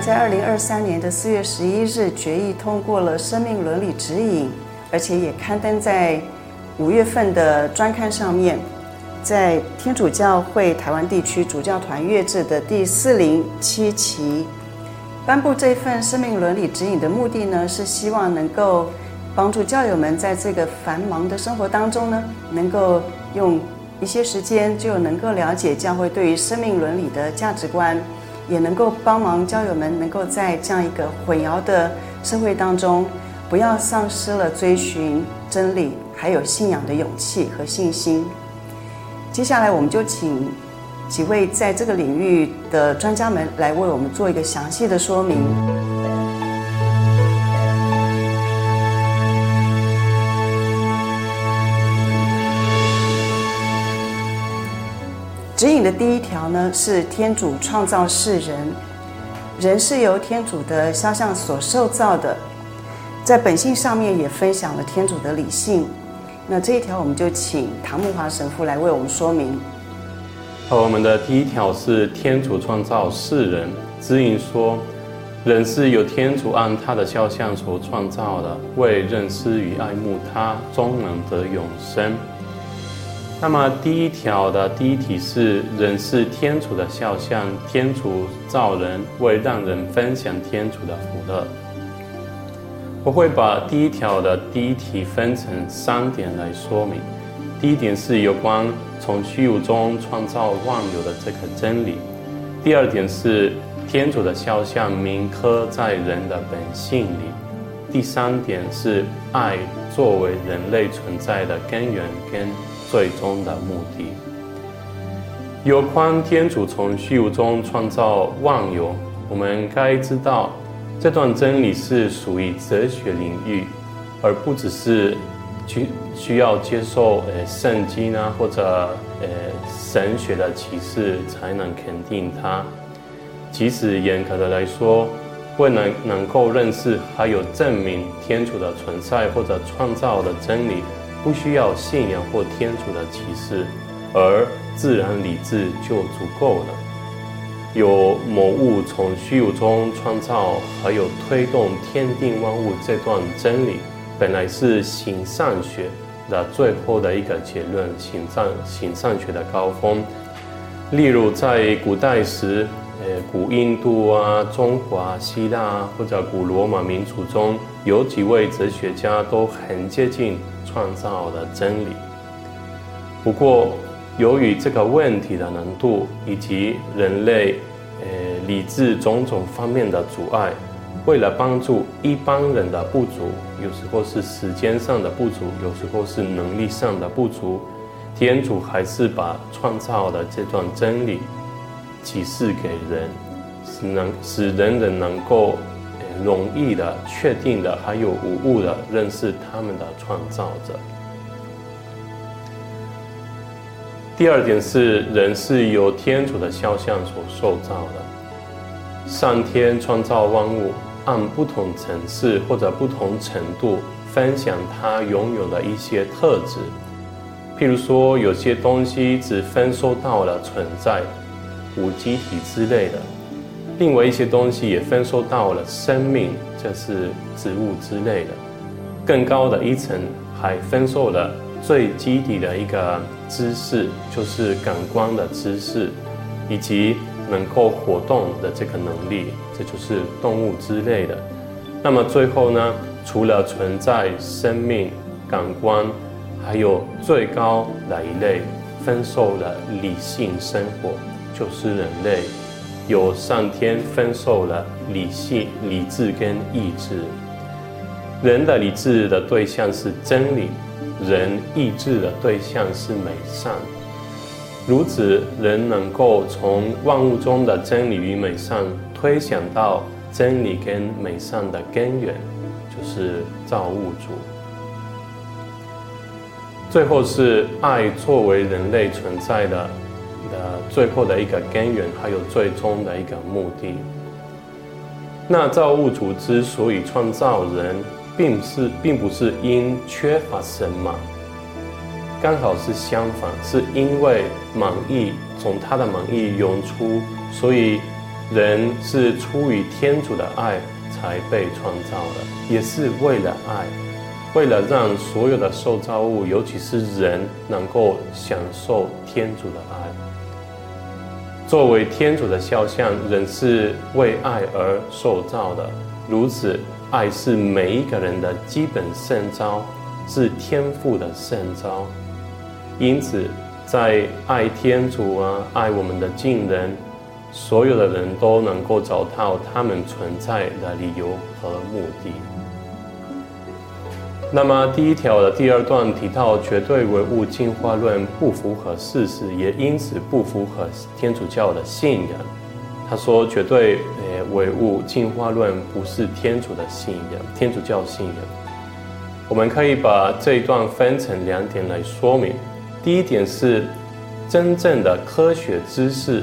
在二零二三年的四月十一日，決議通過了生命倫理指引，而且也刊登在五月份的專刊上面，在天主教會台灣地區主教團月誌的第四零七期，頒布這份生命倫理指引的目的呢，是希望能夠幫助教友們在這個繁忙的生活當中呢，能夠用一些時間，就能夠了解教會對於生命倫理的價值觀。也能夠幫忙，教友們能夠在這樣一個混淆的社會當中，不要喪失了追尋真理還有信仰的勇氣和信心。接下來，我們就請幾位在這個領域的專家們來為我們做一個詳細的說明。指引的第一條呢，是天主創造世人，人是由天主的肖像所受造的，在本性上面也分享了天主的理性。那這一條我們就請唐慕華神父來為我們說明。而我們的第一條是天主創造世人，指引說，人是由天主按他的肖像所創造的，為認識與愛慕他，終能得永生。那麼第一條的第一題是：人是天主的肖像，天主造人為讓人分享天主的福樂。我會把第一條的第一題分成三點來說明：第一點是有關從虛無中創造萬有的這個真理；第二點是天主的肖像銘刻在人的本性裡；第三點是愛作為人類存在的根源跟。最終的目的，有關天主從虛無中創造萬有，我們該知道，這段真理是屬於哲學領域，而不只是去需要接受呃聖經啊或者呃神學的啟示才能肯定它。即使嚴格的來說，未能能夠認識還有證明天主的存在或者創造的真理。不需要信仰或天主的啟示，而自然理智就足夠了。有某物從虛無中創造，還有推動天地萬物這段真理，本來是形上學的最後的一個結論，形上形上學的高峰。例如，在古代時。古印度啊，中華、希臘啊、或者古羅馬民族中有幾位哲學家都很接近創造的真理。不過，由於這個問題的難度以及人類呃理智種種方面的阻礙，為了幫助一般人的不足，有時候是時間上的不足，有時候是能力上的不足，天主還是把創造的這段真理啟示給人，能使人人能夠容易的、確定的、還有無誤的認識他們的創造者。第二點是，人是由天主的肖像所塑造的。上天創造萬物，按不同層次或者不同程度分享他擁有的一些特質。譬如說，有些東西只分受到了存在。無機體之類的，另外一些東西也分受到了生命，就是植物之類的，更高的一層還分受了最基底的一個知識，就是感官的知識，以及能夠活動的這個能力，這就是動物之類的。那麼最後呢，除了存在生命、感官，還有最高的一類分受了理性生活。就是人類有上天分授了理性、理智跟意志。人的理智的對象是真理，人意志的對象是美善。如此，人能夠從萬物中的真理與美善推想到真理跟美善的根源，就是造物主。最後是愛作為人類存在的的最後的一個根源，還有最終的一個目的。那造物主之所以創造人，並不是，並不是因缺乏什麼，剛好是相反，是因為滿意，從他的滿意湧出，所以人是出於天主的愛才被創造的，也是為了愛，為了讓所有的受造物，尤其是人，能夠享受天主的愛。作為天主的肖像，人是為愛而塑造的。如此，愛是每一個人的基本聖召，是天賦的聖召，因此，在愛天主啊，愛我們的近人，所有的人都能夠找到他們存在的理由和目的。那麼，第一條的第二段提到，絕對唯物進化論不符合事實，也因此不符合天主教的信仰。他說，絕對誒、哎、唯物進化論不是天主的信仰，天主教信仰。我們可以把這一段分成兩點來說明。第一點是，真正的科學知識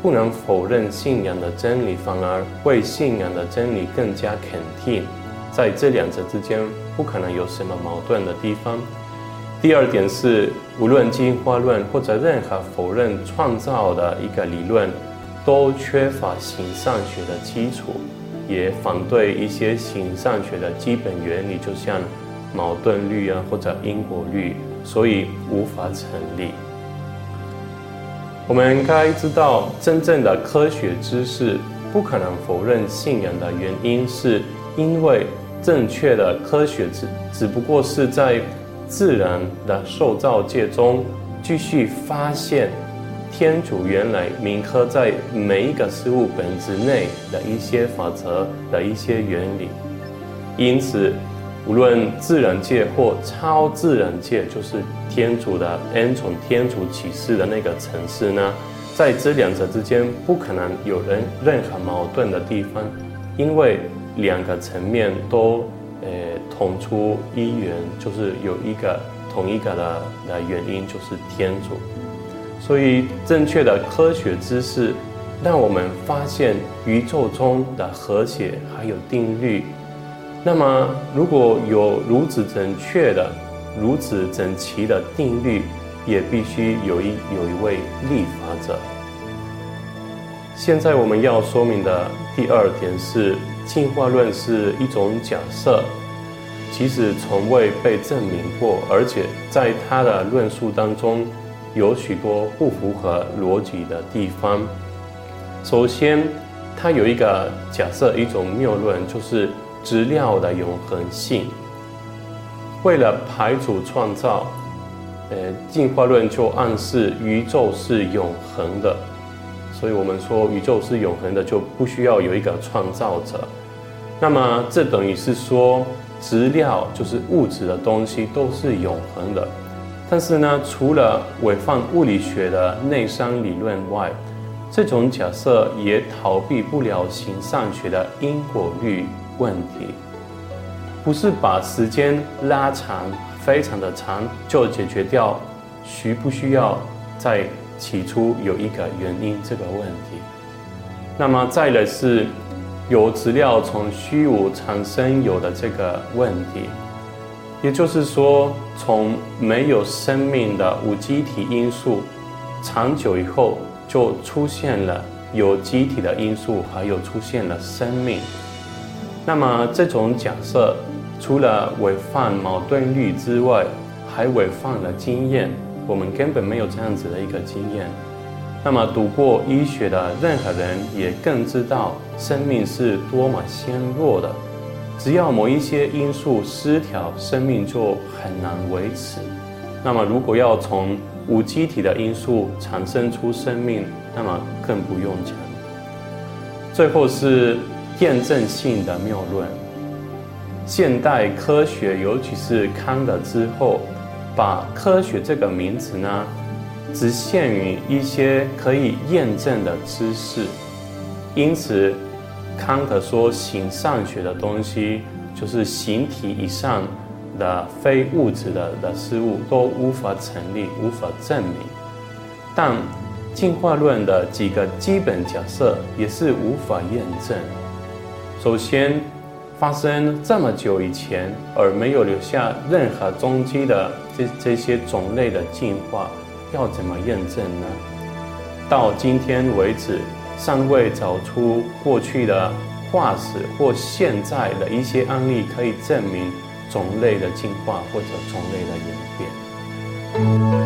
不能否認信仰的真理，反而為信仰的真理更加肯定。在這兩者之間不可能有什麼矛盾的地方。第二點是，無論進化論或者任何否認創造的一個理論，都缺乏形上學的基礎，也反對一些形上學的基本原理，就像矛盾律啊或者因果律，所以無法成立。我們應該知道，真正的科學知識不可能否認信仰的原因是因為。正確的科學只只不過是在自然的受造界中繼續發現天主原來銘刻在每一個事物本質內的一些法則的一些原理。因此，無論自然界或超自然界，就是天主的恩寵、天主啟示的那個層次呢，在這兩者之間不可能有人任何矛盾的地方，因為。兩個層面都，欸，同出一源，就是有一個同一個的的原因，就是天主。所以，正確的科學知識讓我們發現宇宙中的和諧還有定律。那麼，如果有如此準確的、如此整齊的定律，也必須有一有一位立法者。現在我們要說明的。第二點是，進化論是一種假設，其實從未被證明過，而且在它的論述當中，有許多不符合邏輯的地方。首先，它有一個假設，一種謬論，就是質料的永恆性。為了排除創造，呃，進化論就暗示宇宙是永恆的。所以我們說宇宙是永恆的，就不需要有一個創造者。那麼這等於是說，質料，就是物質的東西都是永恆的。但是呢，除了違反物理學的內傷理論外，這種假設也逃避不了形上學的因果律問題。不是把時間拉長非常的長就解決掉，需不需要再？起初有一個原因這個問題，那麼再來是有資料從虛無產生有的這個問題，也就是說從沒有生命的無機體因素，長久以後就出現了有機體的因素，還有出現了生命。那麼這種假設除了違反矛盾律之外，還違反了經驗。我們根本沒有這樣子的一個經驗。那麼，讀過醫學的任何人也更知道，生命是多麼纖弱的。只要某一些因素失調，生命就很難維持。那麼，如果要從無機體的因素產生出生命，那麼更不用講。最後是驗證性的謬論。現代科學，尤其是康德之後。把科學這個名詞呢，只限於一些可以驗證的知識。因此，康德說，形上學的東西就是形體以上的非物質的的事物都無法成立、無法證明。但進化論的幾個基本假設也是無法驗證。首先，發生這麼久以前而沒有留下任何蹤跡的。這些種類的進化要怎麼驗證呢？到今天為止，尚未找出過去的化石或現在的一些案例可以證明種類的進化或者種類的演變。